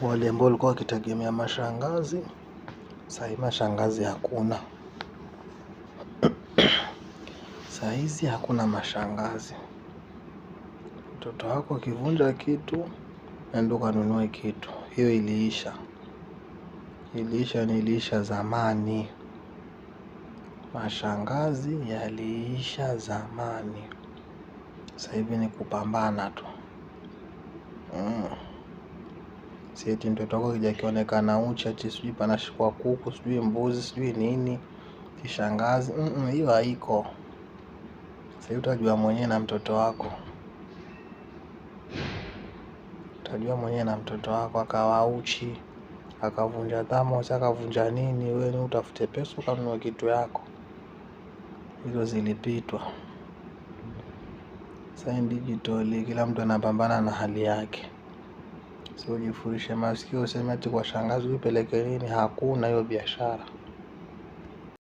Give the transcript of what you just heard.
wale ambao walikuwa wakitegemea mashangazi, saa hii mashangazi hakuna. Saa hizi hakuna mashangazi. Mtoto wako akivunja kitu, naenda ukanunue kitu. Hiyo iliisha, iliisha ni iliisha zamani. Mashangazi yaliisha zamani. Sasa hivi ni kupambana tu mm. Sieti mtoto wako kija akionekana uchi ati sijui panashikwa kuku sijui mbuzi sijui nini kishangazi, hiyo haiko. Sahii utajua mwenyewe na mtoto wako, utajua mwenyewe na mtoto wako, akawa uchi akavunja thamosi akavunja nini, wewe ni utafute pesa ukanunua kitu yako. Hizo zilipitwa. Sasa digitali, kila mtu anapambana na hali yake usijifurishe masikio useme ati kwa shangazi, huyu nini? Hakuna hiyo biashara.